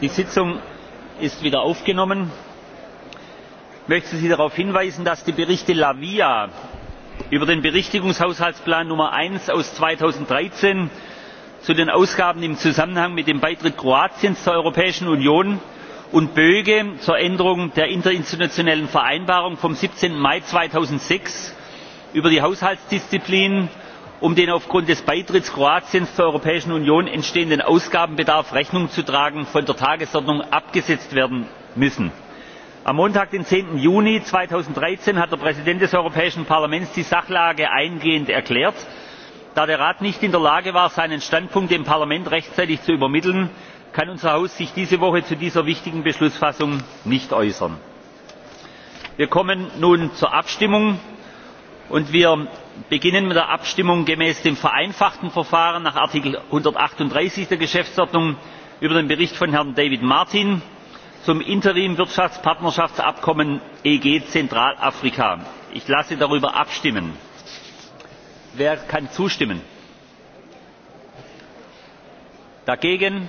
Die Sitzung ist wieder aufgenommen. Ich möchte Sie darauf hinweisen, dass die Berichte Lavia über den Berichtigungshaushaltsplan Nummer 1 aus 2013 zu den Ausgaben im Zusammenhang mit dem Beitritt Kroatiens zur Europäischen Union und Böge zur Änderung der interinstitutionellen Vereinbarung vom 17. Mai 2006 über die Haushaltsdisziplin um den aufgrund des beitritts kroatiens zur europäischen union entstehenden ausgabenbedarf rechnung zu tragen von der tagesordnung abgesetzt werden müssen. am montag den. zehn juni zweitausenddreizehn hat der präsident des europäischen parlaments die sachlage eingehend erklärt. da der rat nicht in der lage war seinen standpunkt dem parlament rechtzeitig zu übermitteln kann unser haus sich diese woche zu dieser wichtigen beschlussfassung nicht äußern. wir kommen nun zur abstimmung und wir beginnen mit der abstimmung gemäß dem vereinfachten verfahren nach artikel einhundertachtunddreißig der geschäftsordnung über den bericht von herrn david martin zum Interim Wirtschaftspartnerschaftsabkommen eg zentralafrika. ich lasse darüber abstimmen. wer kann zustimmen? dagegen?